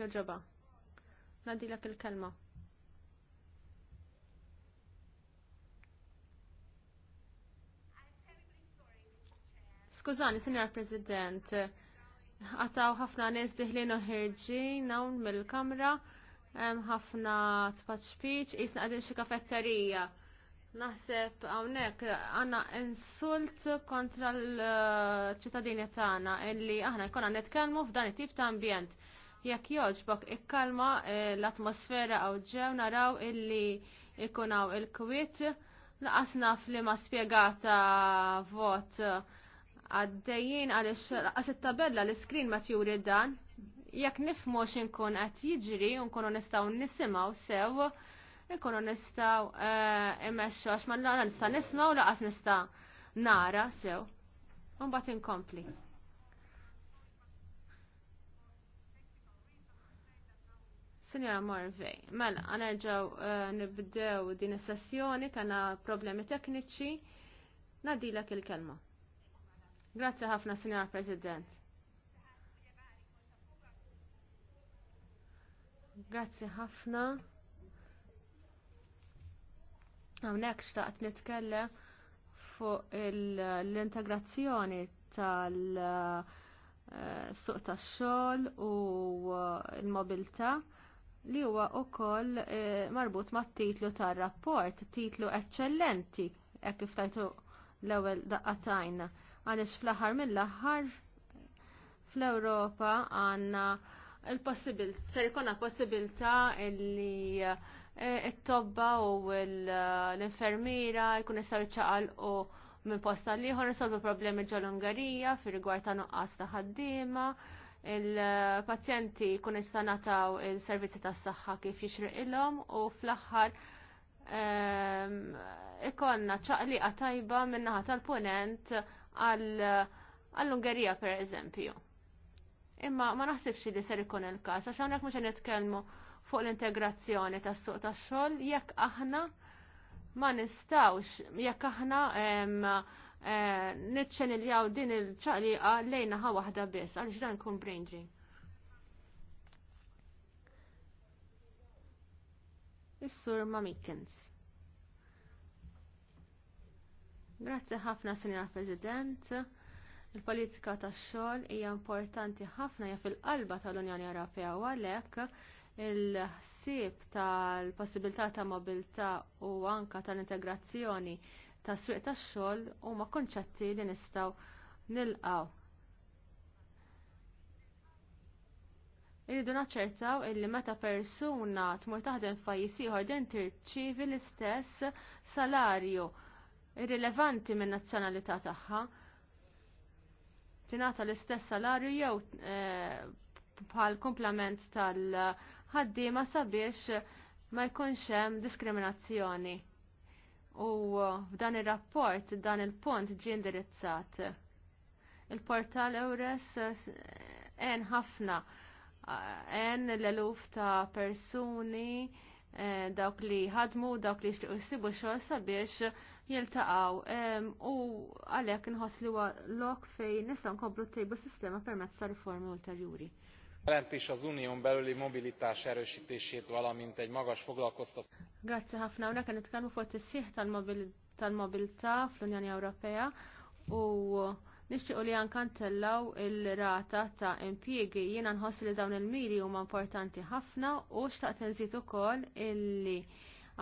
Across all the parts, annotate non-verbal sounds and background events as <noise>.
Joġoba. Nadilak il-kelma. Skużani, Sinjar President, għataw ħafna nies diħlin ħirġin hawn mill-kamra, ħafna tpat speech, jisna għadin xi kafetterija. Naħseb hawnhekk għandna insult kontra l-ċittadini tagħna illi aħna jkollna nitkellmu f'dan it-tip ta' ambjent jekk joġbok ikkalma eh, l-atmosfera għaw ġew naraw illi ikunaw il-kwit laqas naf ma spiegata vot għaddejjien għalix għas it-tabella l-iskrin ma tjuri dan jekk nifmu xinkun qed jiġri unkunu nkunu nistgħu sew ikunu nistgħu eh, immexxu għax ma nista' nisma' u laqas nista' nara sew. Mbagħad inkompli. Signora Morvey, mela, għanerġaw eh, nibdew din is-sessjoni tana problemi tekniċi, nadilak il-kelma. Grazzi ħafna, Signora President. Grazzi ħafna. Hawnhekk xtaqt nitkellem fuq l-integrazzjoni tal-suq eh, tax-xogħol u eh, l-mobilità li huwa wkoll eh, marbut mat-titlu tar-rapport, titlu eċċellenti hekk kif tajtu l-ewwel tajna. Għaliex fl-aħħar mill-aħħar fl-Ewropa għandna il-possibilità, ser ikonna possibilità li eh, it-tobba u l-infermiera jkun jistgħu jċaqalqu minn posta liħor, nisolvu problemi ġol-Ungarija fir rigward ta' nuqqas ta' ħaddiema, il-pazjenti kun istanataw il-servizzi tas saħħa kif jixriq il-lom u fl-aħħar ehm, ikonna ċaqliqa tajba minnaħat tal-punent għall-Ungerija per eżempju. Imma ma naħsibx li ser ikun il-każ għax hawnhekk muxa nitkelmu fuq l-integrazzjoni tas-suq tax-xogħol jekk aħna ma nistawx jekk aħna ehm, Eh, il-jaw din il-ċaqliqa lejna ħa waħda biss, għaliex dan kun brain drain. Is-sur Mamikins. Grazzi ħafna, Sinjor President. Il-politika tax-xogħol hija importanti ħafna ja fil-qalba tal-Unjoni Ewropea u għalhekk il-ħsieb tal-possibilità ta' mobilità u anka tal-integrazzjoni ta' swieq tax-xogħol huma konċetti li nistgħu nilqgħu. Irridu naċċertaw illi meta persuna tmur taħdem f'pajjiż ieħor din tirċievi l-istess salarju irrilevanti min nazzjonalità tagħha. Tingħata l-istess salarju jew eh, bħal komplement tal-ħaddiema sabiex ma jkunx hemm diskriminazzjoni. U uh, f'dan ir-rapport dan il-punt ġie indirizzat. Il-portal Eures uh, en ħafna uh, en l-eluf ta' persuni dawk li ħadmu, dawk li xtiqu jsibu xogħol sabiex jiltaqgħu um, u għalhekk inħoss li lok fejn nista' nkomplu tejbu sistema permezz ta' riformi ulterjuri a jelentés az unión belüli mobilitás erőstését valamint egy magas foglalkoztatás. Grazzi ħafna hawnhekk qed nitkellmu fuq tisjih tal-mobilità fl-Unjoni Ewropea u nixtiequ li anke ntellaw il-rata ta' impjiegi jiena nħoss li dawn il-miri huma importanti ħafna u xtaqt inżid ukoll illi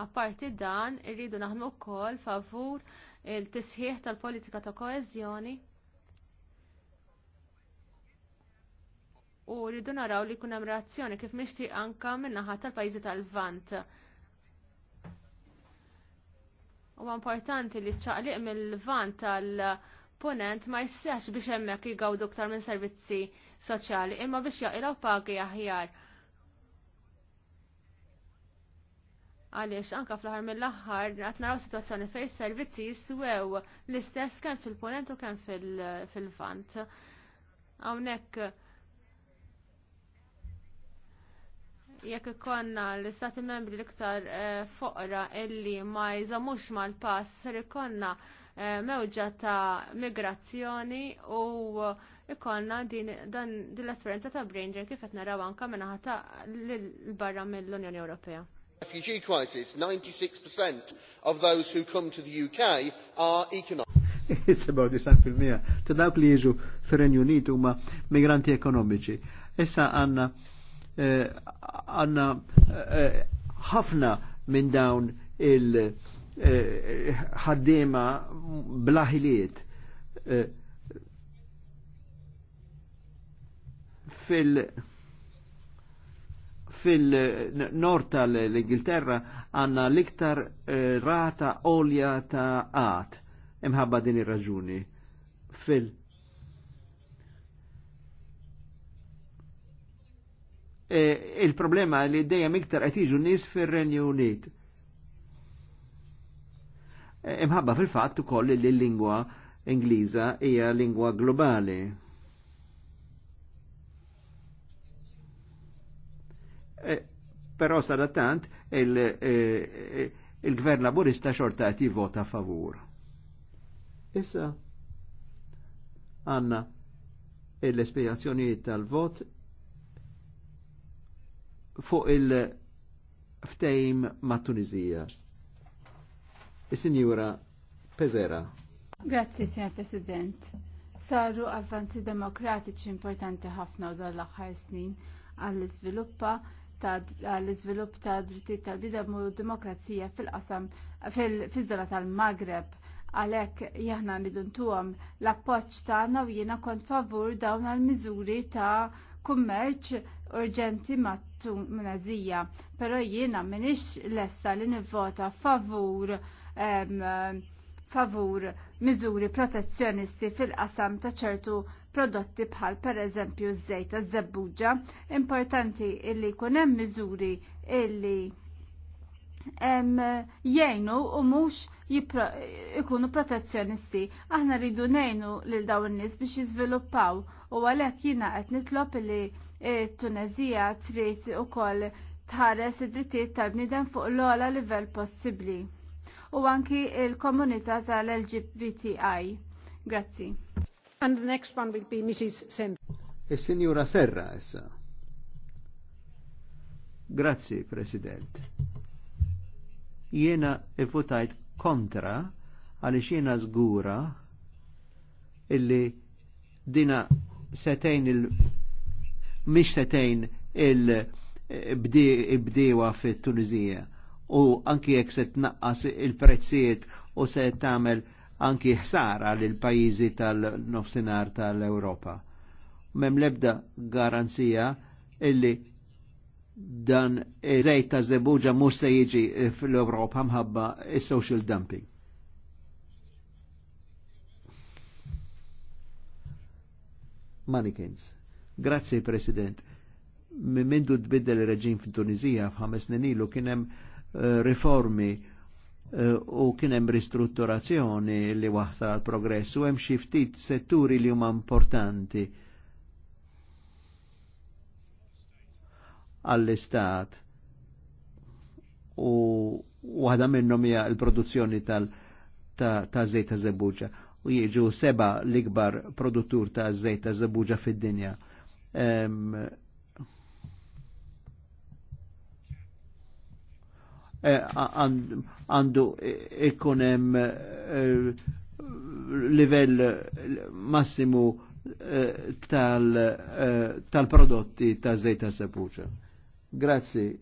apparti dan irridu naħdmu wkoll favur il-tisħiħ tal-politika ta' koeżjoni u rridu naraw li jkun hemm reazzjoni kif mixti anka min-naħa tal-pajjiżi tal-Vant. Huwa importanti li ċaqliq mill-Vant tal-Ponent ma jissax biex hemmhekk jgawdu aktar minn servizzi soċjali imma biex jaqilgħu pagi aħjar. għaliex anka fl-ħar mill-aħħar qed naraw sitwazzjoni fejn is-servizzi jiswew l-istess kemm fil-ponent u kemm fil-vant. Hawnhekk jekk ikonna l-istati membri l-iktar eh, foqra illi ma jżamux mal-pass ser ikonna eh, mewġa ta' migrazzjoni u ikonna din l-esperienza ta' brain drain kif qed naraw anke minnaħa ta' l-barra mill-Unjoni Ewropea refugee crisis, 96% of those who come to the UK are economic. Jisibaw <laughs> disan fil-mija, ta' dawk li jiġu fil-Renju Unit huma migranti ekonomiċi. Issa għanna Eh, għanna eh, ħafna minn dawn il-ħaddima eh, blaħiliet fil- fil-nord tal-Ingilterra għanna liktar rata olja ta' għat imħabba din ir-raġuni fil- E, il-problema li dejjem iktar qed jiġu nies fir-Renju Unit. E, imħabba fil-fatt ukoll li l-lingwa Ingliża hija lingwa globali. E, però sadattant il-gvern laburista xorta qed jivvota favur. Issa għanna l-espjegazzjonijiet tal-vot fuq il-ftejm ma' Tunizija. Is-Sinjura Pezera. Grazzi, Sr. President. Saru avvanzi demokratiċi importanti ħafna u l aħħar snin għall-iżviluppa għall-iżvilupp ta' drittijiet tal bidem u demokrazija fil-qasam fil-żona tal-Magreb għalek jahna niduntuhom l-appoċ tagħna u jiena kont favur dawn għal-miżuri ta' kummerċ urġenti mattu mnazija, pero jiena minix lessa li nivvota favur em, favur miżuri protezzjonisti fil-qasam ta' ċertu prodotti bħal per eżempju żejt żebbuġa importanti illi jkun hemm miżuri illi jgħinu u mhux ikunu protezzjonisti. Aħna rridu nejnu lil dawn in-nies biex jiżviluppaw u għalhekk jiena qed nitlob li eh, Tunezija trid ukoll tħares id-drittijiet tal-bniedem fuq l-ogħla livell possibbli u anki il-komunità tal-LGBTI. Grazzi. And the next one will be Mrs. Sen. Is-Sinjura e Serra issa. Grazzi, President. Jena votajt kontra għaliex jiena żgura illi dina setejn il mhix setejn il bdiewa fit-Tunizija u anki jekk se tnaqqas il-prezzijiet u se tagħmel anki ħsara lil pajjiżi tal-nofsinhar tal-Ewropa. Mem lebda garanzija illi dan zejt ta' zebuġa mux se jiġi eh, fl-Ewropa mħabba il social dumping. Manikins. Grazie, President. Mindu tbiddel il-reġim tunizija f'ħames nenilu ilu kien hemm eh, riformi eh, u kien hemm ristrutturazzjoni li waħsar għal progress u hemm xi ftit setturi li huma importanti għall-istat u waħda minnhom hija l-produzzjoni tal ta', żejta zejt ta' zebuġa u jiġu seba l-ikbar produttur ta' zejt ta' zebuġa fid-dinja. E, għandu e-, ikunem e, livell massimu tal-prodotti ta' żejta sepuċa. Grazzi,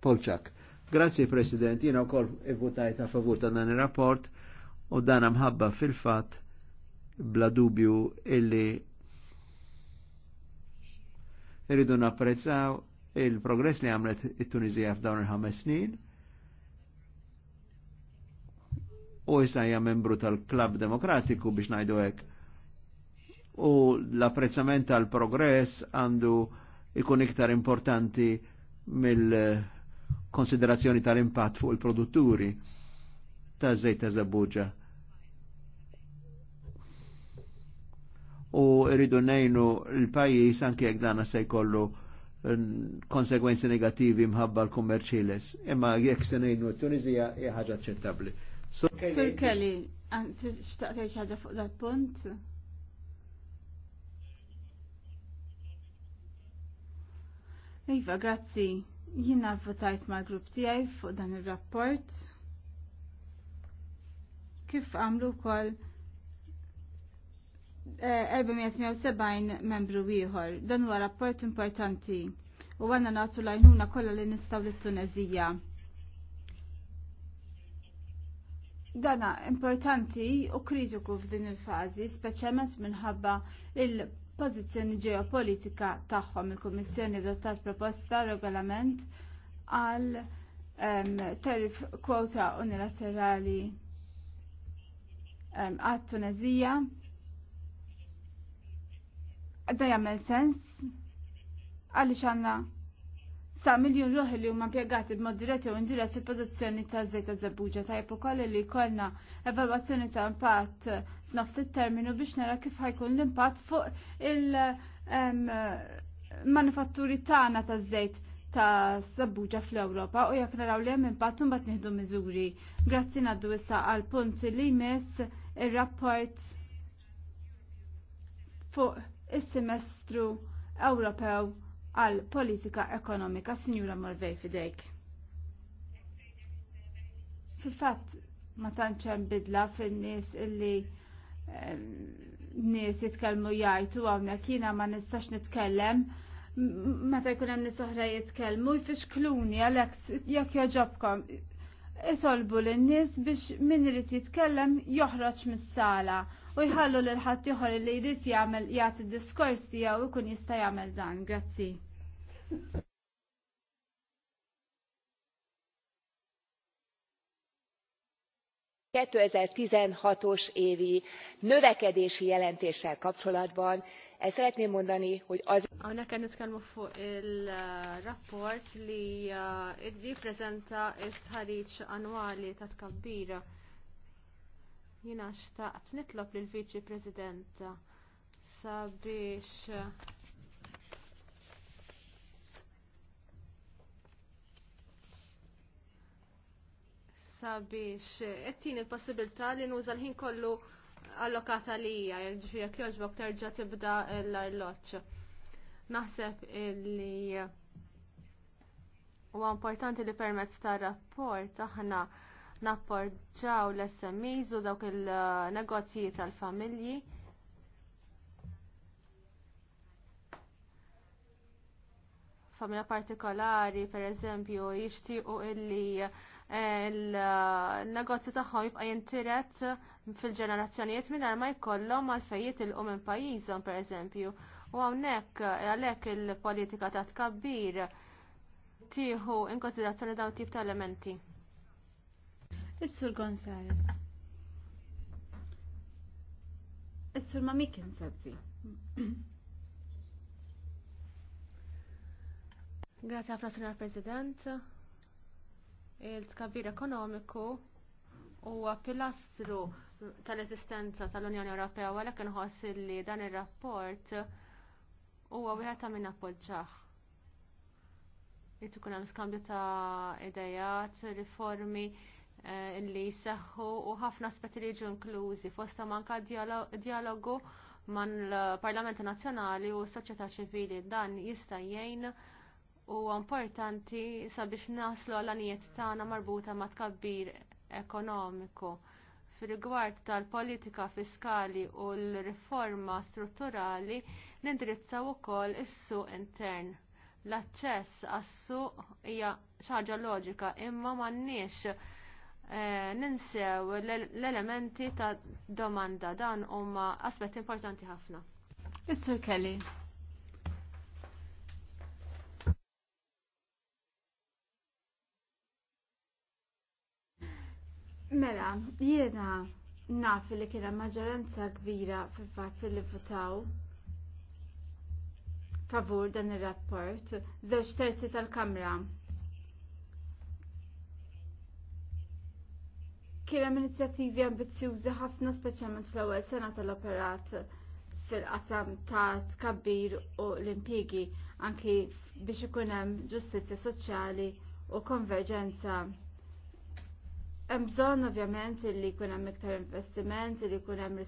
Polczak. Grazzi, President, jina u kol votajt a favur ta' dan il-rapport u dan mħabba fil-fat bla dubju illi rridu napprezzaw il-progress li għamlet it-Tunizija f'dawn il-ħames snin u jissa hija membru tal-Klab Demokratiku biex ngħidu hekk. U l-apprezzament tal-progress għandu ikun iktar importanti mill-konsiderazzjoni tal-impatt fuq il-produtturi ta' zejt ta' zabuġa. U rridu nejnu l-pajis anki jek dana se jkollu konsekwenzi negativi mħabba l-kummerċiles. Imma jek se nejnu t-Tunizija hija ħaġa aċċettabbli. Sur Kelly, għanti xtaqtej ħaġa fuq dat punt Iva, grazzi. Jina votajt ma' grupp tijaj fuq dan il-rapport. Kif għamlu kol 470 eh, membru wieħor. Dan huwa rapport importanti u għanna natu lajnuna kollha li nistaw l-Tunezija. Dana importanti u kritiku f'din il-fazi, speċjalment minħabba il-pożizzjoni ġeopolitika tagħhom il-Kummissjoni dottat proposta regolament għal um, tarif kwota unilaterali għat um, Tunezija. Da jagħmel sens għaliex għandna sa miljon ruħi li huma impjegati b'mod dirett jew indirett fil-produzzjoni ta' żejt ta' żebbuġa tajjeb ukoll li jkollna evalwazzjoni ta' impatt f'nofs it-terminu biex nara kif ħajkun l-impatt fuq il-manifatturi tagħna ta' żejt ta' sabbuġa fl-Ewropa u jekk naraw li hemm impatt imbagħad nieħdu miżuri. Grazzi ngħaddu issa għal punt li jmiss ir-rapport fuq is-semestru Ewropew għal politika ekonomika Sinjura Morvej fidejk. Fil-fatt ma tantx hemm bidla fin-nies illi nies jitkellmu jajtu hawnhekk jiena ma nistax nitkellem meta jkun hemm nies jitkelmu jitkellmu jfixkluni għalek jekk joġobkom isolbu lin-nies biex min irid jitkellem joħroġ mis-sala u jħallu l ħadd ieħor li jrid jagħmel jagħti diskors tiegħu jkun jista' jagħmel dan. Grazzi. os évi növekedési jelentéssel kapcsolatban el szeretném mondani hogy az. A nekem ez kell fuq il-rapport li jippreżenta uh, s-tħarriġ annwali ta' tkabbir Jina xtaqt nitlob lill viċi President sabiex sabiex qed il-possibilità li nuża l-ħin kollu allokata lija, ġifi jek terġa tibda l-arloċ. Naħseb li u importanti li permezz ta' rapport aħna napporġaw l-SMEs u dawk il-negozji tal-familji. Familja partikolari, per eżempju, jixtiequ illi eh, il-negozju tagħhom jibqa' jintiret fil-ġenerazzjonijiet mingħajr ma jkollhom għalfejiet il minn pajjiżhom pereżempju. U hawnhekk eh, għalhekk il-politika ta' tkabbir tieħu in konsiderazzjoni dawn tip ta' elementi. Is-Sur Gonzales. Is-Sur kien sabzi. Grazie ħafna frasina President. Il-tkabbir ekonomiku huwa pilastru tal-eżistenza tal-Unjoni Ewropea u għalek inħoss li dan ir-rapport huwa wieħed ta' min appoġġjah. Irid e ikun hemm skambju ta' idejat, riformi Eh, li jissaħħu u ħafna aspetti li ġu inklużi fosta manka dialogu man l-Parlament Nazzjonali u s-soċjetà ċivili dan jista' jgħin u importanti sabiex naslu għal-anijiet tagħna marbuta ma' tkabbir ekonomiku. Fil-rigward tal-politika fiskali u l-riforma strutturali nindrizzaw ukoll is-suq intern. L-aċċess għas-suq hija xi ħaġa loġika imma m'għandniex Eh, ninsew l-elementi ta' domanda dan huma aspetti importanti ħafna. Mr. Kelly. Mela, jiena naf li kien hemm maġġoranza kbira fil-fatt li votaw favur dan ir-rapport, żewġ terzi tal-Kamra Kien hemm inizjattivi ambizjużi ħafna speċjalment fl-ewwel sena tal-operat fil-qasam ta' tkabbir u l-impjiegi anki biex ikun hemm ġustizzja soċjali u konverġenza hemm bżonn ovvjament li jkun hemm iktar investiment, li jkun hemm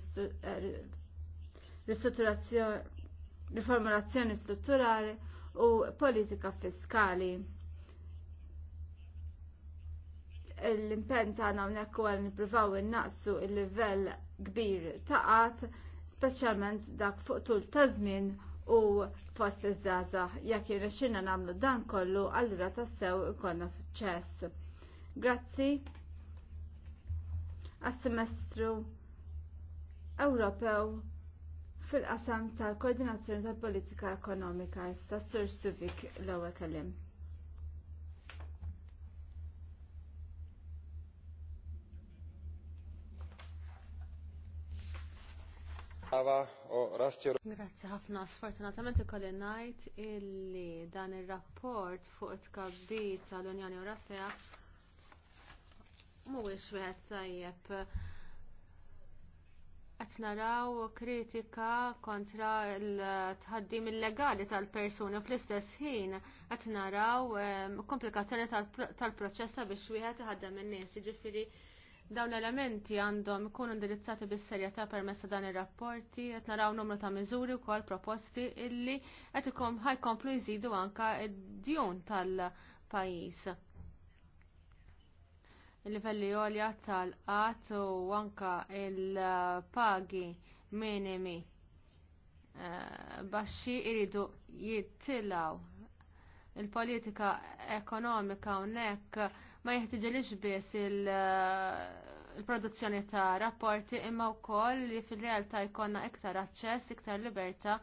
er, ristrutturazzjoni riformulazzjoni strutturali u politika fiskali l-impenn tagħna hawnhekk ukoll nippruvaw innaqsu l-livell kbir ta' qatt, speċjalment dak fuq tul ta' żmien u fost iż-żgħażagħ. Jekk irrexxinna nagħmlu dan kollu, allura tassew ikollna suċċess. Grazzi għas-semestru Ewropew fil-qasam tal-koordinazzjoni tal-politika ekonomika issa sur Suvik l-ewwel kelim. Grazzi ħafna, sfortunatament kolli ngħid illi dan ir-rapport fuq it-kabbi tal-Unjoni Ewropea mhuwiex wieħed tajjeb. Qed naraw kritika kontra l-tħaddim illegali tal-persuni fl-istess ħin qed naraw ehm, komplikazzjoni tal-proċess biex wieħed iħaddem in-nies, jiġifieri Dawn elementi għandhom ikunu indirizzati bis-serjetà permezz dan ir-rapporti qed naraw numru ta' miżuri wkoll proposti illi qed ikom ħajkomplu jżidu anka d-djun tal-pajjiż. Il-livelli għolja tal-qatt u anka il-pagi minimi eh, baxxi jridu jittilaw il-politika ekonomika hawnhekk ma jeħtiġelix biss eh, il-produzzjoni ta' rapporti imma wkoll li fil-realtà jkollna iktar aċċess, iktar libertà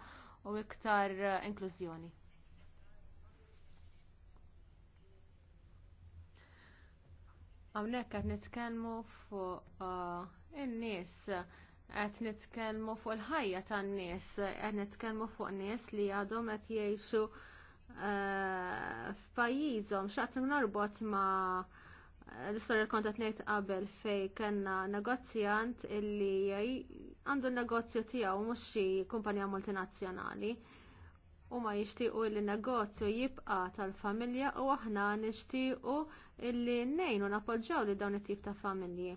u iktar eh, inklużjoni. Hawnhekk qed nitkellmu fuq eh, in-nies qed nitkellmu fuq il-ħajja tan-nies, qed nitkellmu fuq nies li għadhom qed jgħixu Eh, f'pajjiżhom x'qed norbot ma' eh, l-istorja kontat ngħid qabel fej kellna negozjant illi għandu n-negozju tiegħu mhux xi kumpanija multinazzjonali u ma jixtiequ li negozju jibqa tal-familja u aħna nixtiequ illi nejnu napoġġaw li dawn it-tip ta' familji.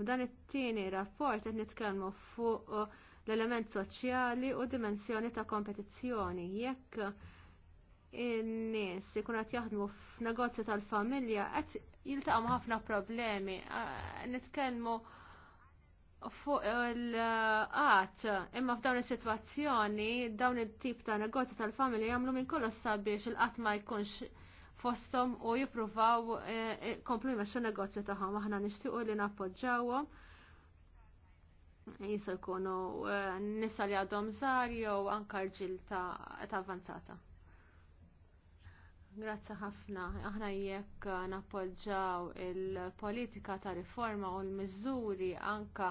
F'dan it-tieni rapport qed nitkellmu fuq l-element soċjali u dimensjoni ta' kompetizzjoni. Jekk in-nies ikun qed jaħdmu f'negozju tal-familja qed jiltaqgħu ħafna problemi. Nitkellmu fuq il-qat imma f'dawn is-sitwazzjoni dawn it-tip ta' negozju tal-familja jagħmlu minn kollox sabiex il-qatt ma jkunx fosthom u jippruvaw e, e, komplu jmexxu negozju tagħhom aħna nixtiequ li nappoġġawhom jisa jkunu e, nisa li għadhom żgħar jew anke ta' avanzata. Grazzi ħafna. Aħna jekk nappoġġaw il-politika ta' riforma u l-miżuri anka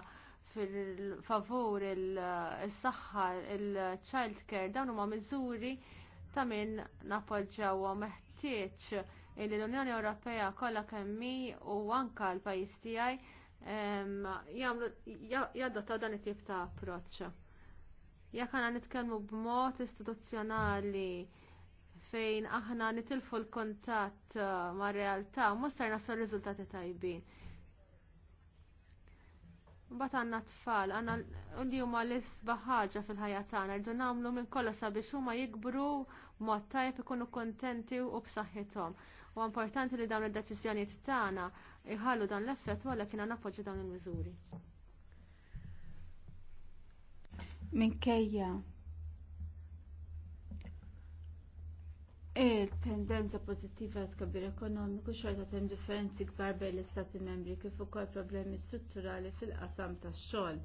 fil-favur il-saħħa, il-child care, dawn huma miżuri ta' min nappoġġaw u meħtieġ li l-Unjoni Ewropea kollha kemmi u anka l-pajjiż tiegħi jadottaw dan it-tip ta' approċċ. Jekk aħna nitkellmu b'mod istituzzjonali fejn aħna nitilfu l-kontatt uh, mar realtà u mustar naslu riżultati tajbin. Bat għandna tfal, li huma l-isba ħaġa fil-ħajja tagħna, rridu nagħmlu minn kollha sabiex huma jikbru mod tajb ikunu kuntenti u b'saħħithom. U importanti li dawn id-deċiżjonijiet tagħna jħallu dan l-effett wara kien nappoġġu dawn il-miżuri. Minkejja Il-tendenza pozittiva tkabbir ekonomiku xorta tem differenzi kbar bej l-Istati membri kif ukoll problemi strutturali fil-qasam tax-xogħol.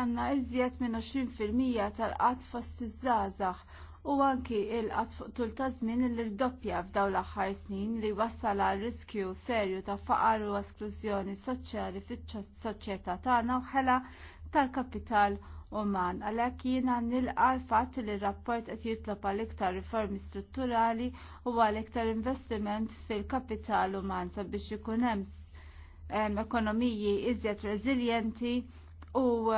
Għanna iżjed minn 20% tal qat fost iż-żgħażagħ u anki il qat fuq tul ta' żmien li rdoppja f'dawn l-aħħar snin li wassal għal riskju serju ta' faqar u esklużjoni soċjali fiċ-soċjetà tagħna u ħela tal-kapital u uman. Għalhekk jiena nilqa l-fatt li r-rapport qed jitlob għal iktar riformi strutturali u għal iktar investiment fil-kapital uman sabiex ikun hemm ekonomiji iżjed reżiljenti u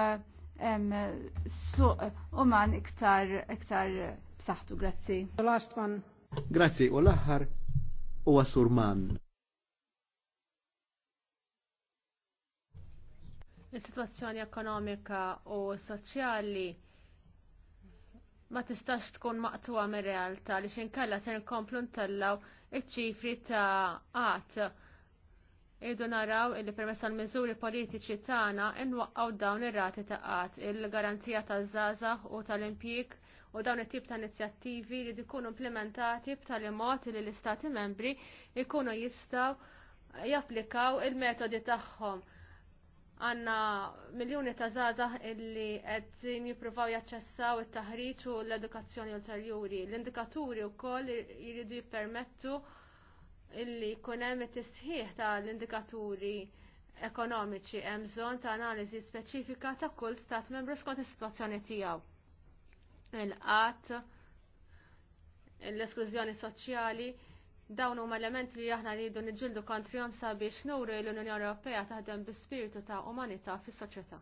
suq uman iktar iktar b'saħħtu. Grazzi. The last one. Grazzi, u l-aħħar huwa Surman. Is-sitwazzjoni ekonomika u soċjali ma tistax tkun maqtuwa mir realtà li xinkella se nkomplu ntellaw iċ-ċifri ta' qatt. Idu naraw illi permess tal miżuri politiċi tagħna nwaqqgħu dawn ir-rati ta' qatt, il-garanzija taż-żgħażagħ u tal-impjieg u dawn it-tip ta' inizjattivi li jkunu implementati b'tali mod li l-Istati membri jkunu jistgħu japplikaw il-metodi tagħhom għanna miljoni ta' zazah illi qed jippruvaw jaċċessaw it-taħriċ u l-edukazzjoni ulterjuri. L-indikaturi u koll jiridu jippermettu illi kunem it-tisħiħ ta' l-indikaturi ekonomiċi hemm bżonn ta' analiżi speċifika ta' kull stat membru skont is-sitwazzjoni tiegħu. Il-qatt, l-esklużjoni soċjali, Dawn huma elementi li aħna rridu niġġieldu kontrihom sabiex nuru l-Unjoni Ewropea taħdem bi spiritu ta' umanità fis-soċjetà.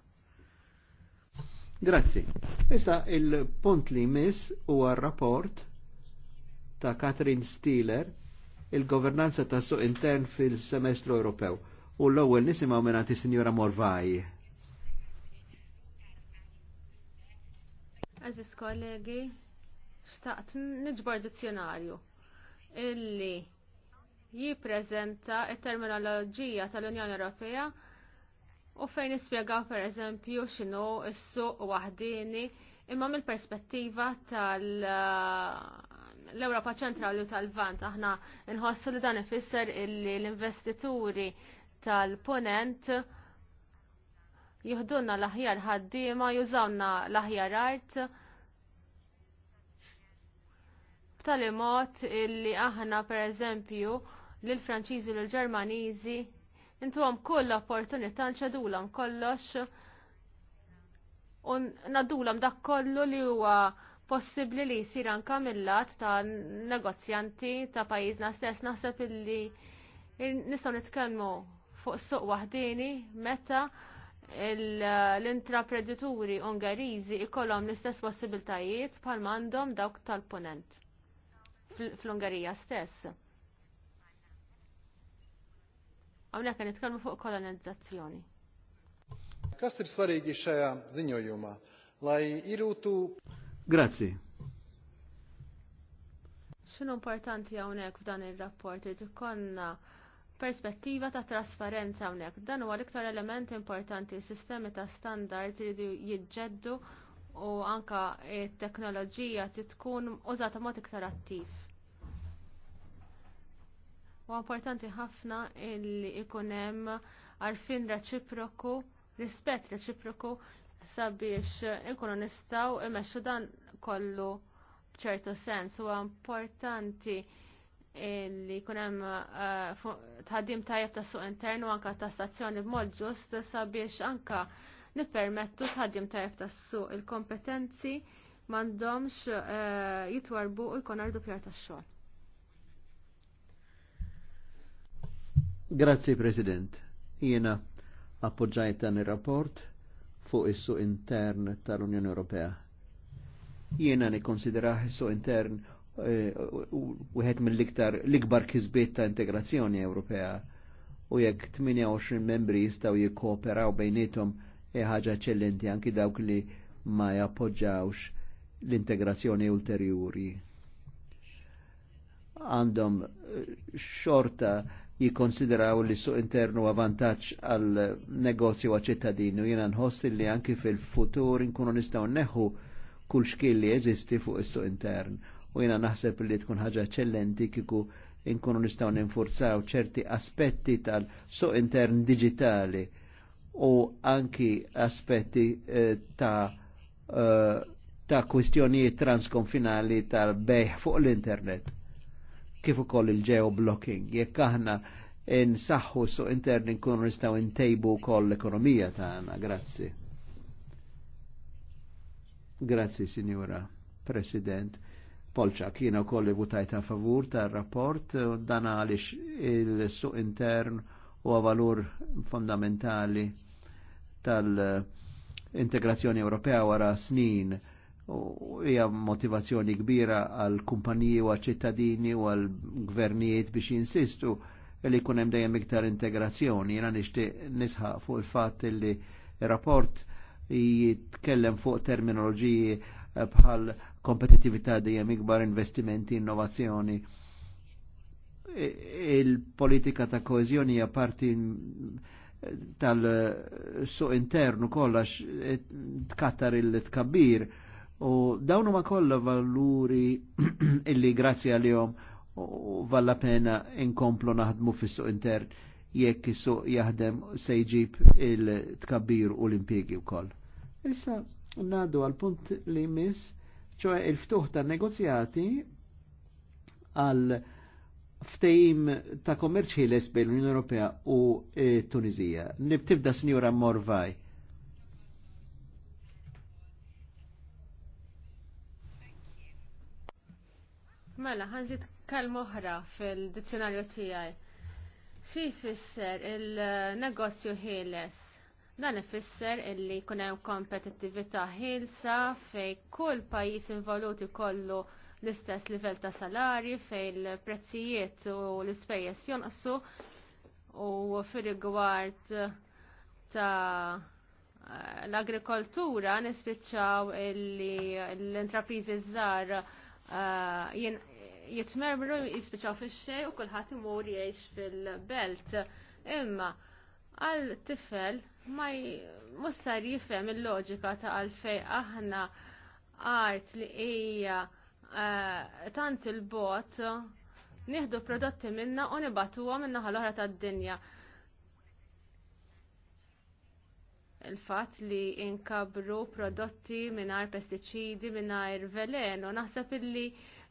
Grazzi. Issa il-punt li miss huwa r rapport ta' Katrin Stieler il-governanza ta' suq intern fil-semestru Ewropew u l-ewwel nisimgħu mingħand is-Sinjora Morvaj. Aziz kollegi, xtaqt nġbor dizzjonarju illi jippreżenta t terminoloġija tal-Unjoni Ewropea u fejn nispjegaw pereżempju x'inhu s-suq waħdini imma mill-perspettiva tal- uh, ewropa europa ċentrali u tal-Vant, aħna nħossu li dan ifisser illi l-investituri tal-ponent jihdunna l-aħjar ħaddiema, jużawna l-aħjar art, Tali mod illi aħna pereżempju lill franċiżi u l-Ġermaniżi intuhom kull opportunità nċedulam kollox u nadulam dak kollu li huwa possibbli li jsir anka mill-lat ta' negozjanti ta' pajjiżna stess naħseb illi nistgħu nitkellmu fuq suq waħdini meta l intrapredituri Ungariżi ikollhom l-istess possibiltajiet bħal m'għandhom dawk tal-punent fl-Ungarija stess. Għamna kan itkellmu fuq kolonizzazzjoni. Kastib svarigi xeja juma, laj irutu. Grazzi. Xinu importanti għawnek f'dan il-rapport li tikkonna perspettiva ta' trasparenza hawnhekk. Dan huwa l-iktar element importanti sistemi ta' standards li jiġġeddu u anka t teknoloġija tkun użata mod iktar attiv. U importanti ħafna illi ikunem għarfin reċiproku, rispett reċiproku sabiex ikunu nistaw imexxu dan kollu bċertu sens. U importanti li kunem uh, eh, tħaddim tajjeb ta' suq internu anka ta' stazzjoni b'mod ġust sabiex anka nippermettu tħaddim tajjeb ta' suq il-kompetenzi mandomx uh, eh, jitwarbu u jkun għardu pjar ta' xogħol. Grazzi President. Jiena appoġġajt dan ir-rapport fuq is-suq intern tal-Unjoni Ewropea. Jiena nikkonsidrah is-suq intern eh, wieħed mill-iktar l-ikbar kisbiet ta' integrazzjoni Ewropea u jekk 28 membri jistgħu jikkooperaw bejnietom e ħaġa eċċellenti anki dawk li ma jappoġġawx l-integrazzjoni ulterjuri. Għandhom eh, xorta jikonsideraw li suq internu avantaġġ għal negozju għal ċittadinu jiena nħoss li anki fil-futur nkunu nistgħu neħu kull xkill li jeżisti fuq is-suq intern u jiena naħseb li tkun ħaġa eċċellenti kieku nkunu nistgħu ninfurzaw ċerti aspetti tal-suq intern digitali u anki aspetti eh, ta' eh, ta' kwistjonijiet transkonfinali tal-bejħ fuq l-internet kif ukoll il-geoblocking. Jekk aħna insaħħu su interni nkunu nistgħu ntejbu wkoll l-ekonomija tagħna. Grazzi. Grazzi, Sinjura President. Polċa kiena u kolli votajt a favur tar rapport u dan għaliex il-suq intern u valur fondamentali tal-integrazzjoni Ewropea wara snin u hija motivazzjoni kbira għal kumpaniji u ċittadini u għal gvernijiet biex jinsistu li jkun hemm dejjem iktar integrazzjoni. Jiena nixtieq nisħaq fuq il-fatt li rapport jitkellem fuq terminoloġiji eh, bħal kompetitività dejjem ikbar investimenti, innovazzjoni. Il-politika ta' koeżjoni hija parti tal-suq internu kollax eh, tkattar il-tkabbir U dawnu ma kollha valuri <clears throat> illi grazzi għalihom valla pena inkomplu naħdmu fis-suq intern jekk is-suq jaħdem se jġib il-tkabbir u l-impjegi wkoll. Issa ngħadu għal punt li miss ċoħe il-ftuħ ta' negozjati għal ftejim ta' kommerċi l-Unjoni Ewropea u eh, Tunizija. Nibtibda Sinjura Morvaj. Mela, ħanżit kalm oħra fil-dizzjonarju tiegħi. Xi jfisser il-negozju ħieles? Dan ifisser illi jkun hemm kompetittività ħielsa fejn kull pajjiż involuti kollu l-istess livell ta' salari fejn l prezzijiet u l-ispejjeż jonqsu u fir-rigward ta' l-agrikoltura nispiċċaw li l-intrapriżi żgħar eh, jitmermru jispiċaw fil-xej u kullħat imur jiex fil-belt. Imma għal tifel ma mustar jifhem il-loġika ta' għalfej aħna art li hija eh, tant il-bot nieħdu prodotti minna u nibatuha minna ħal-oħra tad-dinja. il-fat li inkabru prodotti mingħajr pestiċidi mingħajr veleno naħseb illi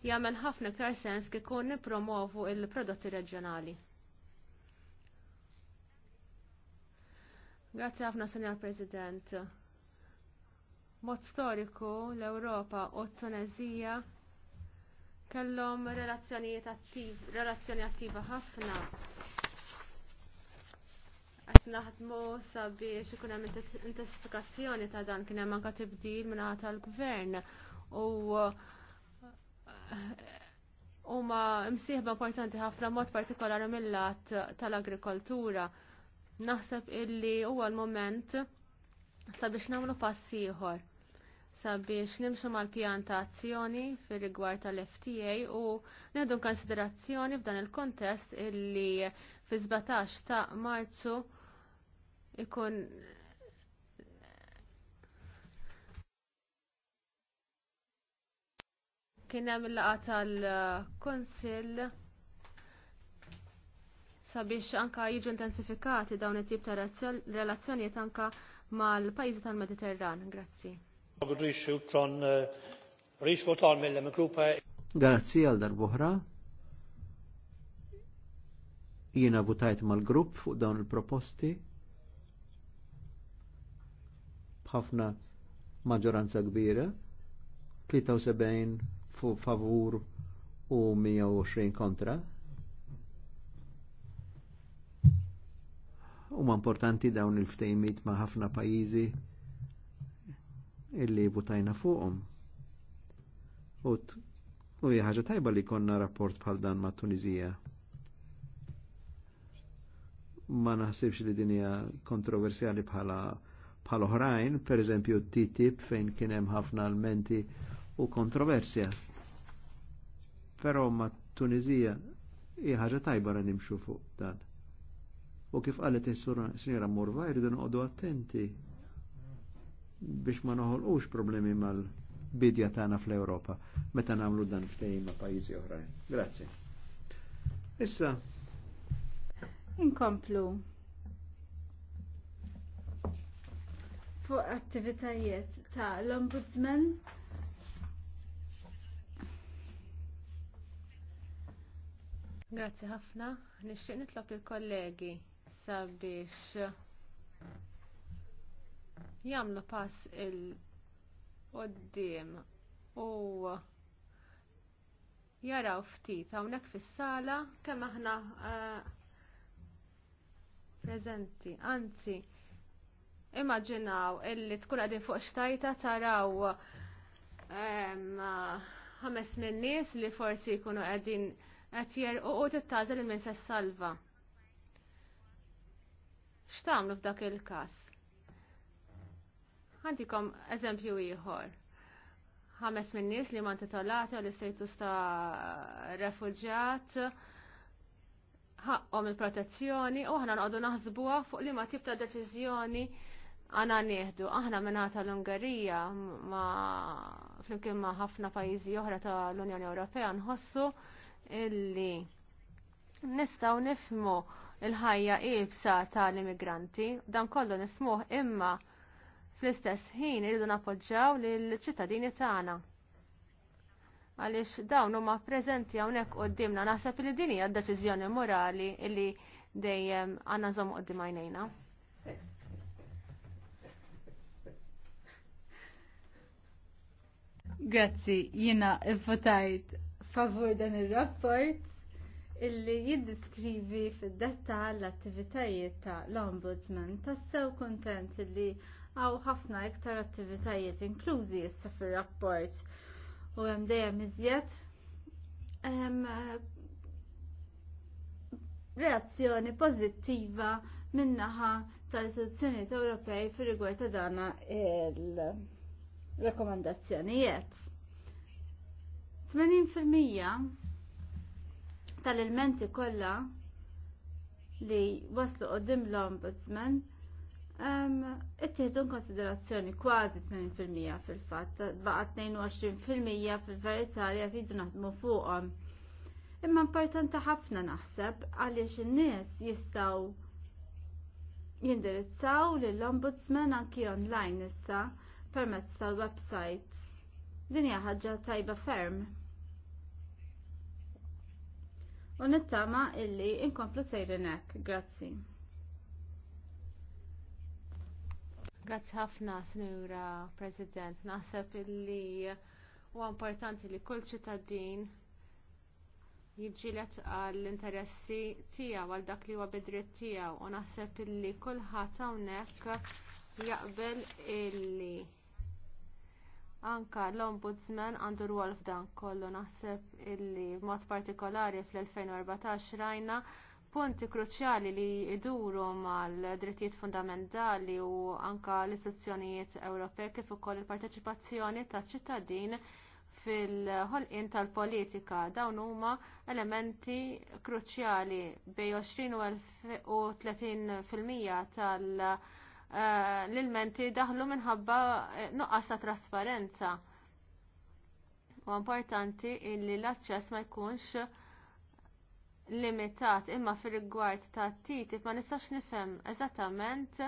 jagħmel ħafna iktar sens ikun nippromovu il-prodotti reġjonali. Grazzi ħafna, Sinjar President. Mod storiku l-Ewropa u t-Tunezija kellhom relazzjonijiet attiv, relazzjoni attiva ħafna. Qed naħdmu sabiex ikun hemm intensifikazzjoni ta' dan kien hemm anke tibdil mingħata tal gvern u huma msieħba importanti ħafna mod partikolari mill-lat tal-agrikoltura. Naħseb illi huwa l-moment sabiex nagħmlu pass ieħor sabiex nimxu mal pjanta azzjoni fir rigward tal-FTA u neħdu konsiderazzjoni f'dan il-kontest illi fi 17 ta' Marzu ikun kien hemm il-laqgħa tal-Kunsill sabiex anka jiġu intensifikati dawn it-tip ta' relazzjonijiet anka mal-pajjiżi tal-Mediterran. Grazzi. Grazzi għal darbohra. Jiena votajt mal-grupp fuq dawn il-proposti. B'ħafna maġġoranza kbira. 73 fu favur u 120 kontra. Huma importanti dawn il-ftejmit ma' ħafna pajjiżi illi butajna fuqhom. U ħaġa tajba li konna rapport bħal dan ma' Tunizija. Ma naħsibx li dinja kontroversjali bħala bħal oħrajn, per eżempju TTIP fejn kien hemm ħafna almenti u kontroversja. Però ma Tunizija ħaġa tajba ra nimxu fuq dan. U kif qalet s-sinjera Morva jridu noqogħdu attenti biex ma noħolqux problemi mal-bidja tagħna fl-Ewropa meta nagħmlu dan ftejn ma' pajjiżi oħrajn. Grazzi. Issa. Inkomplu. Fuq attivitajiet ta' l-Ombudsman Grazzi ħafna. Nixtieq nitlob il-kollegi sabiex jagħmlu pass il-qoddim u jaraw ftit hawnhekk fis-sala kemm aħna eh, preżenti. Anzi, immaġinaw illi tkun qegħdin fuq xtajta taraw eh, ħames minn nies li forsi jkunu qegħdin qed jerqu tittażel il-min se salva. X'tagħmlu f'dak il-każ? Għandikom eżempju ieħor. Ħames minn nies li ma titolati għal l-istatus ta' refuġjat ħaqhom il-protezzjoni u aħna nqogħdu naħsbuha fuq li ma tip ta' deċiżjoni għana nieħdu, aħna minnata l-Ungarija ma flimkien ma ħafna pajizi oħra ta' l-Unjoni Ewropea nħossu illi nistaw nifmu il-ħajja ibsa tal-immigranti, dan kollu nifmuh imma fl-istess ħin iridu napoġġaw lill-ċittadini tagħna. Għaliex dawn huma preżenti hawnhekk qudiemna naħseb li din hija deċiżjoni morali li dejjem għandna żomm qudiem għajnejna. Grazzi, jina votajt favur dan ir-rapport illi jiddiskrivi fid-dettall l-attivitajiet ta' l-Ombudsman tassew kuntent illi għaw ħafna iktar attivitajiet inklużi issa fir-rapport u hemm dejjem iżjed eh, reazzjoni pożittiva min-naħa tal-istituzzjonijiet Ewropej fil rigward ta' dana il-rekomandazzjonijiet. 80% tal elmenti kollha li waslu qoddim l-ombudsman ittieħdu konsiderazzjoni kważi 80% fil-fatt, baqa' 22% fil-verità li qed jiġu naħdmu fuqhom. Imma importanti ħafna naħseb għaliex in-nies jistgħu jindirizzaw lill ombudsman anki online issa permezz tal-website Din hija ħaġa tajba ferm. U nittama illi inkomplu sejrinek. Grazzi. Grazzi ħafna, Sinjura President. Naħseb illi huwa importanti li kull ċittadin jiġilet għall interessi tiegħu għal dak li huwa bidritt tiegħu u naħseb illi kulħadd hawnhekk jaqbel illi Anka l-Ombudsman għandu rwol f'dan kollu naħseb illi b'mod partikolari fl-2014 rajna punti kruċjali li jduru mal-drittijiet fundamentali u anke l-istituzzjonijiet Ewropej kif ukoll il-parteċipazzjoni taċ ċittadin fil ħolqien tal-politika dawn huma elementi kruċjali bejn 20 u 30% tal- Eh, l menti daħlu minħabba eh, nuqqas ta' trasparenza. U importanti illi l-aċċess ma jkunx limitat imma fir rigward ta' TTIP ma nistax nifhem eżattament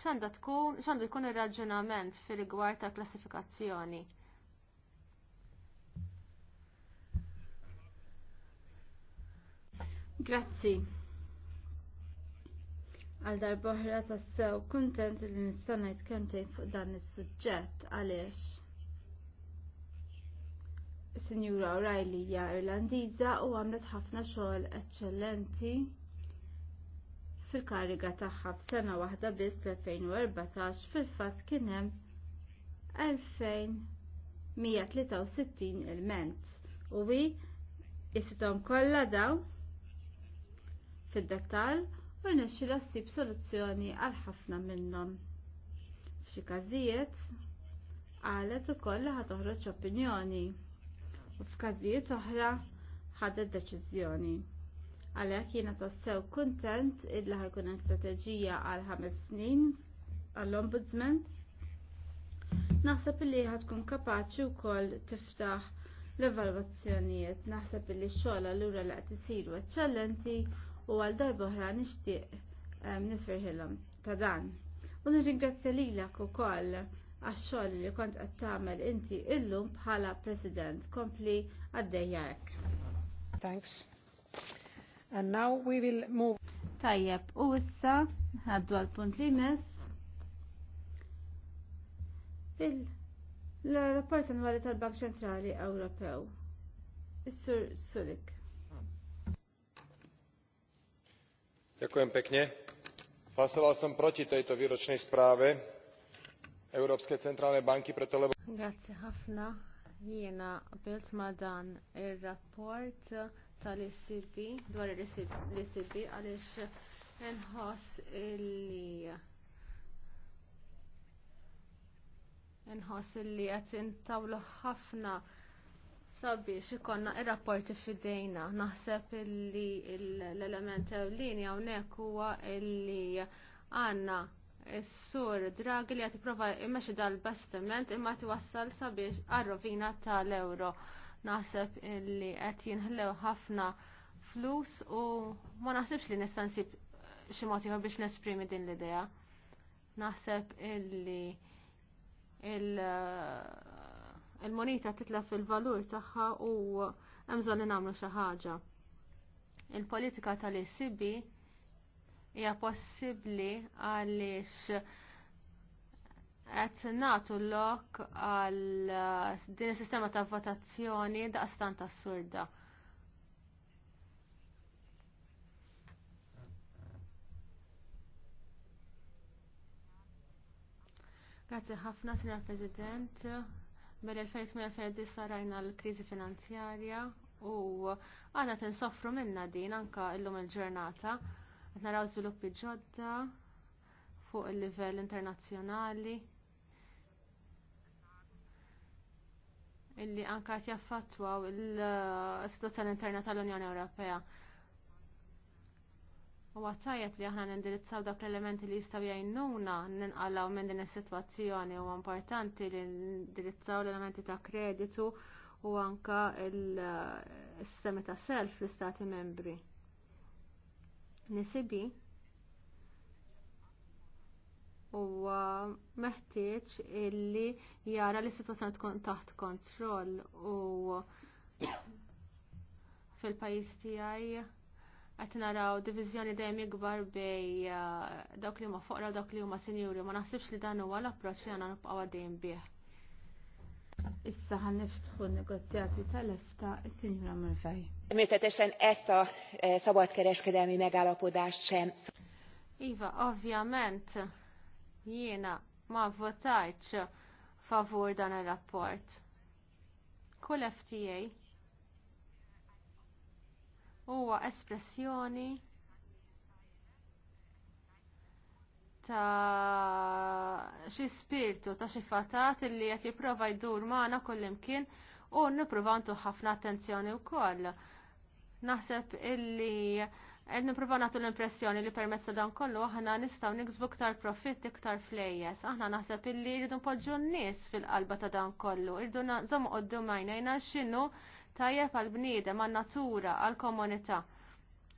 x'għandha tkun x'għandu jkun ir-raġunament fir rigward ta' klassifikazzjoni. Grazzi għal darboħra sew kuntent li nista' ngħid fuq dan is-suġġett għaliex. Sinjura O'Reilly hija Irlandiża u għamlet ħafna xogħol eċċellenti fil-kariga tagħha f'sena waħda biss l-2014 fil-fatt kien hemm 2163 il-ment u wi jisithom kollha dawn fid-dettall u nexxila ssib soluzzjoni għal ħafna minnhom. F'xi każijiet qalet ukoll kolla ħad toħroġ opinjoni u f'każijiet oħra ħadet deċiżjoni. Għalhekk jiena tassew kuntent illa ħajkun hemm strateġija għal ħames snin għall-Ombudsman. Naħseb li ħad tkun kapaċi wkoll tiftaħ l-evalwazzjonijiet. Naħseb li xogħol allura li qed isiru eċċellenti u għal darba oħra nixtieq ehm, nifirħilhom ta' dan. U nirringrazzja lilek ukoll għax-xogħol li kont qed tagħmel inti illum bħala President kompli għaddejja hekk. Thanks. And now we will move. Tajjeb, u issa ħaddu għal punt li mess. Il-rapport annwali tal-Bank Ċentrali Ewropew. Is-Sur Sulik. hlasoval som proti tejto výročnej správe európskej centrálnej banky preto lebo. jiena rapport tal-ecb dwar l-ecb illi illi ħafna sabiex ikonna ir-rapporti fidejna. Naħseb li l-element ewlieni hawnhekk huwa li għandna s-sur Draghi li għati prova immaxi dal-bastiment imma wassal sabiex għarrovina tal-euro. Naħseb li qed jinħlew ħafna flus u ma naħsibx li nista' nsib xi motiva biex nesprimi din l-idea. Naħseb illi il- il-moneta titla fil-valur tagħha u hemm bżonn li nagħmlu xi ħaġa. Il-politika tal-ECB hija possibbli għaliex qed nagħtu lok għal din is-sistema ta' votazzjoni daqstant assurda. Grazie ħafna, Signor President mill-2008-2009 rajna l-kriżi finanzjarja u għadna tinsoffru minna din anka llum il-ġurnata. Qed naraw żviluppi ġodda fuq il-livell internazzjonali. illi anka qed jaffattwaw il-situazzjoni interna tal-Unjoni Ewropea. U tajjeb li aħna nindirizzaw dak l-elementi li jistgħu jajnuna ninqalgħu minn din is-sitwazzjoni huwa importanti li nindirizzaw l-elementi ta' kreditu u anka s sistemi ta' self l-istati membri. Nisibi huwa meħtieġ illi jara li s-sitwazzjoni tkun taħt kontroll u fil-pajjiż tiegħi qed naraw diviżjoni dejjem ikbar bej uh, dawk li huma foqra dawk li huma senjuri ma naħsibx li dan huwa l-approċċ li għana nibqgħu għadajem bih. Issa għan niftħu negozjati tal-efta s sinjura Murfej. Természetesen essa a eh, szabadkereskedelmi megalapodax sem. Iva, ovvjament jiena ma votajċ favur dan ir-rapport. Kull FTA huwa espressjoni ta' xi spirtu ta' xi fatat li qed jipprova jdur magħna kullimkien u nippruvaw ntuħ ħafna attenzjoni wkoll. Naħseb illi qed nippruva nagħtu l-impressjoni li permezz dan kollu aħna nistgħu niksbu ktar profitt iktar flejjes. Aħna naħseb illi jridu npoġġu n-nies fil-qalba ta' dan kollu, irridu nżommu qoddu għajnejna x'inhu tajjeb għal bniedem għan natura għal komunità.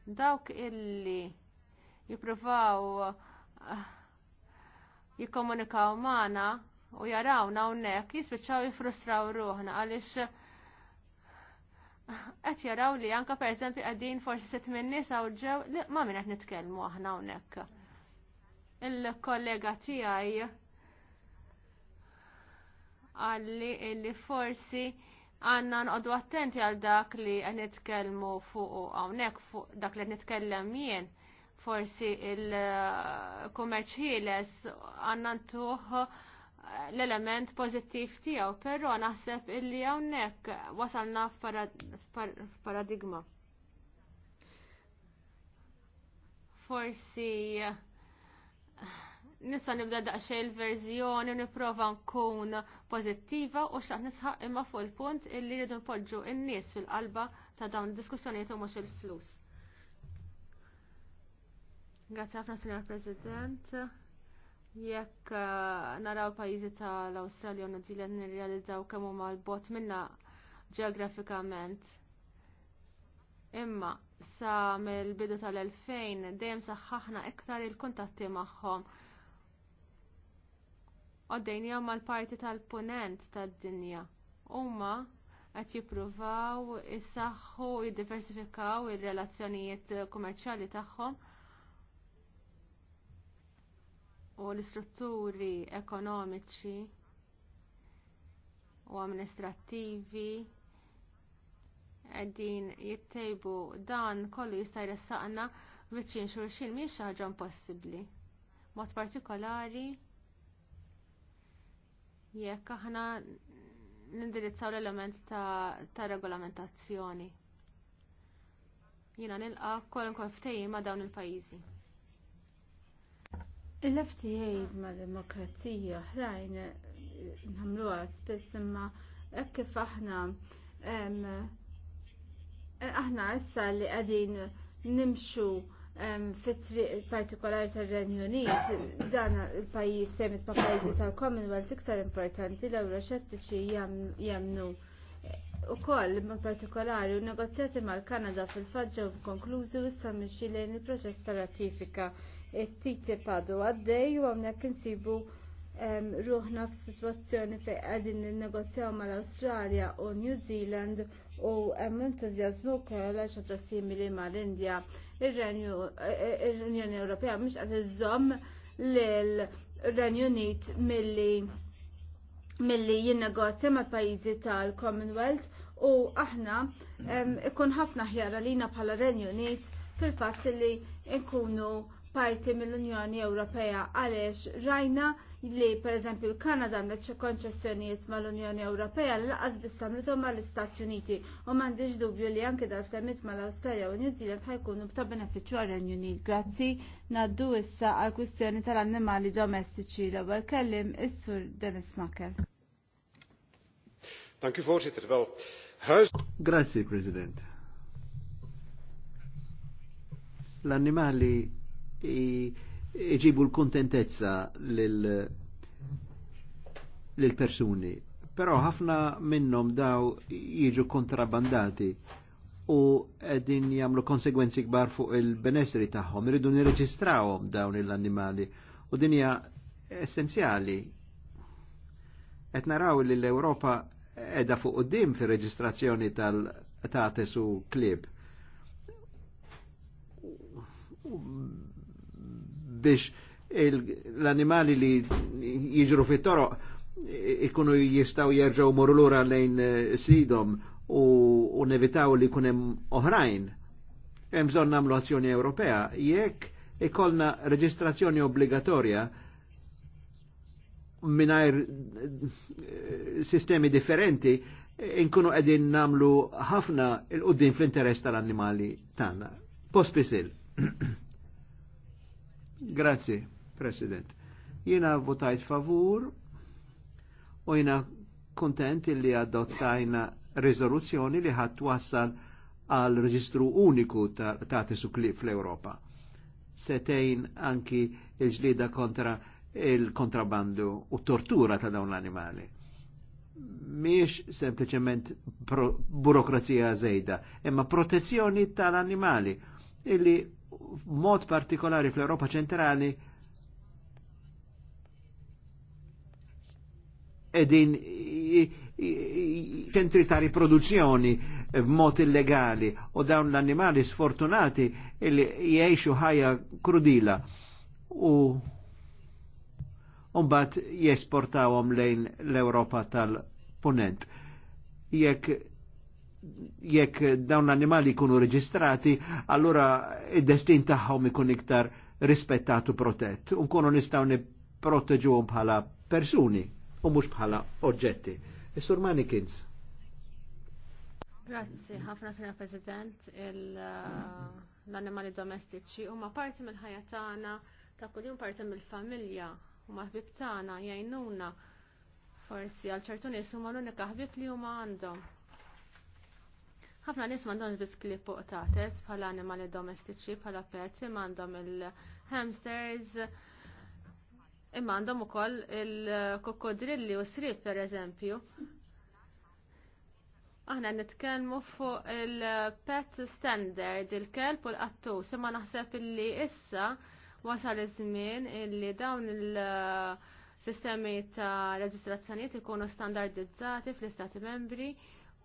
Dawk illi jippruvaw ah, jikkomunikaw magħna u jarawna hawnhekk jispiċċaw jifrustraw ruħna għaliex qed jaraw li anke pereżempju qegħdin forsi sitt minn nisa u ġew li ma min qed nitkellmu aħna hawnhekk. Il-kollega tiegħi għalli li forsi għanna nqoddu attenti għal dak li nitkellmu fuq hawnhekk fuq dak li nitkellem jien forsi il-kummerċ ħieles għanna ntuħ l-element pozittiv tiegħu, però naħseb illi hawnhekk wasalna f'paradigma. Forsi nista nibda daqxej il-verżjoni niprofa nkun pozittiva u xaq nisħaq imma fuq il-punt illi rridu npoġġu n-nies fil-qalba ta' dawn id-diskussjonijiet u mhux il-flus. Grazie ħafna Signor President. Jekk uh, naraw pajjiżi tal-Awstralja u Nizilja nirrealizzaw kemm huma l-bot minna ġeografikament. Imma sa mill-bidu tal-2000 dejjem saħħaħna iktar il-kuntatti magħhom għaddejnija mal-parti tal-ponent tad-dinja. Huma qed jippruvaw isaħħu jiddiversifikaw ir-relazzjonijiet kummerċjali tagħhom u l-istrutturi ekonomiċi u amministrattivi qegħdin jittejbu dan kollu jista' jressaqna viċin xulxin mhix ħaġa impossibbli. Mod partikolari jekk aħna nindirizzaw l-element ta', ta regolamentazzjoni. Jina nilqa kolunkol ftejim ma' dawn il-pajizi. Il-FTAs ma' demokrazija ħrajn eh, nħamluha spiss imma hekk kif aħna eh, aħna issa li qegħdin nimxu fit-triq partikolari tal-Renju Unit, dan il-pajjiż semit ma' pajjiżi tal-Commonwealth iktar importanti l-Euroxettiċi jemnu koll ma' partikolari u negozjati mal-Kanada fil fadġa u konklużi u s-sammixi lejn il-proċess ta' ratifika. it titi padu għaddej u għamnek insibu ruħna f'sitwazzjoni fejn qegħdin ninnegozjaw mal-Awstralja u New Zealand u hemm entużjażmu wkoll għal ħaġa simili mal-Indja. Ir-Unjoni Ewropea mhix qed iżżomm lil Renju Unit milli milli jinnegozja ma' pajjiżi tal-Commonwealth u aħna ikun ħafna ħjara lina bħala Renju Unit fil-fatt li nkunu parti mill-Unjoni Ewropea għaliex rajna li pereżempju l-Kanada mlet konċessjonijiet mal-Unjoni Ewropea li laqas bissamlitom mal-Istati Uniti u m'għandix dubju li anke dal semmit mal-Awstralja u New Zealand ħajkunu b'ta benefiċċju għar-Renju Unit. Grazzi ngħaddu issa għal kwistjoni tal-annimali domestiċi l-ewwel kellim is-Sur Dennis Macker. Thank you, voorzitter. Wel, huis... Grazie, president. L-annimali iġibu l-kontentezza lil-persuni. Però ħafna minnhom daw jiġu kontrabandati u qegħdin jagħmlu konsegwenzi kbar fuq il-benessri tagħhom, iridu nirreġistrawhom dawn l-annimali u dinja essenzjali. Et naraw li l-Ewropa edha fuq qudiem fir-reġistrazzjoni tal-tates u klib biex l-animali li jiġru fit-toroq ikunu jistaw jerġaw moru lura lejn eh, sidom u, nevitaw li kunem oħrajn. Hemm bżonn nagħmlu azzjoni Ewropea jekk ikolna reġistrazzjoni obbligatorja mingħajr eh, sistemi differenti eh, inkunu qegħdin namlu ħafna il-qudiem fl-interess tal-annimali tagħna. Pospisil. <clears throat> Grazie, President. Jina votajt favur u jina kontent li adottajna rezoluzzjoni li ħadd wassal għal reġistru uniku ta', ta tisukli fl-Europa. Setejn anki il-ġlida kontra il-kontrabandu u tortura ta' dawn l-animali. Miex sempliciment burokrazija zejda, imma protezzjoni tal-animali illi mod partikolari fl-Europa ċentrali edin ċentri ta' riproduzzjoni b'mod illegali u dawn l animali sfortunati illi jiexu ħajja krudila u umbat jesportawom lejn l europa tal-Punent. Jekk jekk dawn l-animali jkunu reġistrati, allura id-destin tagħhom ikun iktar rispettatu protett. Unkunu nistgħu proteġu bħala persuni u mhux bħala oġġetti. Isur e sur Manikins. Grazzi, ħafna sena President, uh, l-animali domestiċi huma parti mill-ħajja tagħna ta' kuljum parti mill-familja huma ħbib tagħna jgħinuna forsi għal ċertu nies huma l-unika ħbib li huma għandhom ħafna nies m'għandhom il-biskli poqtates bħala animali domestiċi bħala pets imma għandhom il-hamsters imma għandhom ukoll il-kokkodrilli u srib pereżempju. Aħna nitkellmu fuq il-pet standard, il-kelb u l-qattus, imma naħseb illi issa wasal iż-żmien illi dawn il-sistemi ta' reġistrazzjonijiet ikunu standardizzati fl-Istati membri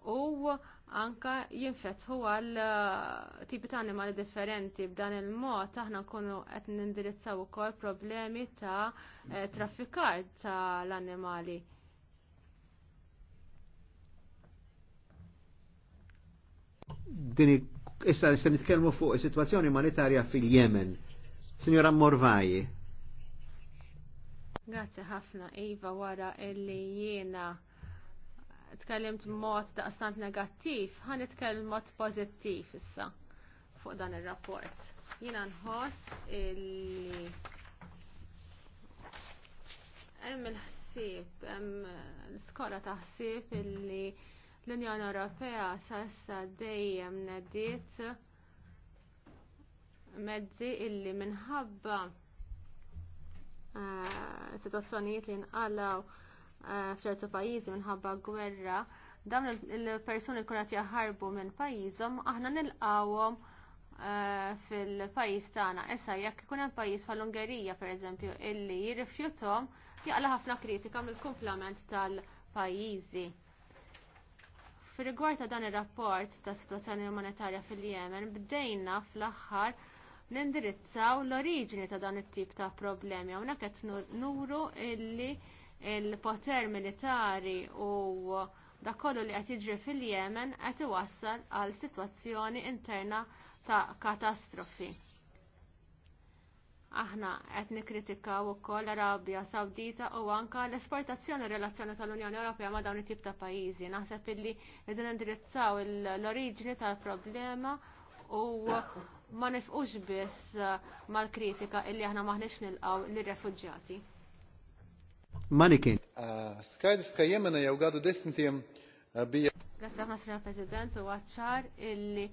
u anka jinfetħu għal uh, tipi ta' animali differenti b'dan il-mod aħna nkunu qed nindirizzaw ukoll problemi ta' uh, traffikar tal annimali Dini, issa se nitkellmu fuq is-sitwazzjoni umanitarja fil-Yemen. Signora Morvaji. Grazie ħafna, Iva, wara illi jiena tkellimt mod daqstant negattiv, għan nitkellem mod pozittiv issa fuq dan ir-rapport. Jiena nħoss illi hemm il-ħsieb, hemm l skola ta' ħsieb li l-Unjoni Ewropea sassa dejjem nediet mezzi illi minħabba uh, situazzjonijiet li nqalaw Eh, f'ċertu pajjiżi minħabba gwerra, dawn il-persuni kun qed jaħarbu minn pajjiżhom aħna nilqawhom eh, fil-pajjiż tagħna. Issa jekk ikun hemm pajjiż bħall-Ungerija pereżempju illi jirrifjutom jaqla ħafna kritika mill-kumplament tal-pajjiżi. Fir-rigward ta' dan ir-rapport ta' situazzjoni umanitarja fil-Yemen bdejna fl-aħħar nindirizzaw l-oriġini ta' dan it-tip ta' problemi hawnhekk qed nuru illi il-poter militari u dak kollu li qed jiġri fil-Yemen qed iwassal għal sitwazzjoni interna ta' katastrofi. Aħna qed nikkritikaw ukoll l-Arabja Sawdita u anka l-esportazzjoni relazzjoni tal-Unjoni Ewropea ma' dawn it-tip ta' pajjiżi. Naħseb illi qegħdin indirizzaw l-oriġini tal-problema u ma nifqux biss mal-kritika illi aħna maħniex nilqaw lir-refuġġjati. Manikin. Skajdus ka jemena jew għadu desnitiem bija. Grazie ħafna Sra. President u għacċar illi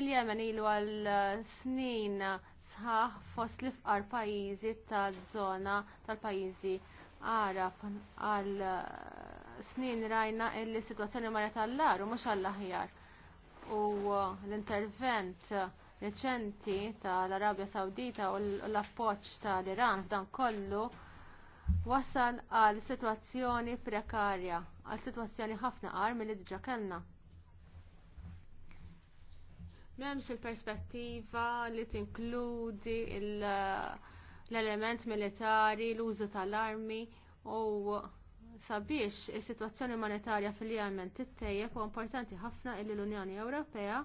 il-Jemen ilu għal snin sħaħ fost li fqar pajizi tal-zona tal-pajizi għarab għal snin rajna illi situazzjoni marja tal-lar u mux għall ħjar U l-intervent reċenti tal-Arabja Saudita u l-appoċ tal-Iran f'dan kollu wasal għal sitwazzjoni prekarja, għal sitwazzjoni ħafna qar milli diġà kellna. M'hemmx il-perspettiva li tinkludi l-element militari, l-użu tal-armi u sabiex is-sitwazzjoni umanitarja fil-Jemen tittejjeb u importanti ħafna illi l-Unjoni Ewropea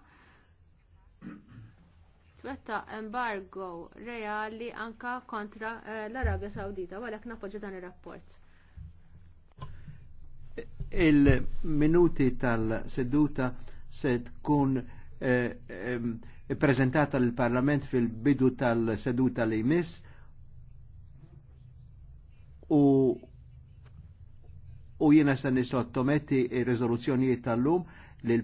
twetta embargo reali anke kontra eh, l-Arabja Saudita għalhekk nappoġġa dan ir-rapport. Il-minuti tal-seduta se tkun eh, eh, prezentata l-Parlament fil-bidu tal-seduta li jmiss u u jiena se nisottometti ir-riżoluzzjonijiet tal-lum l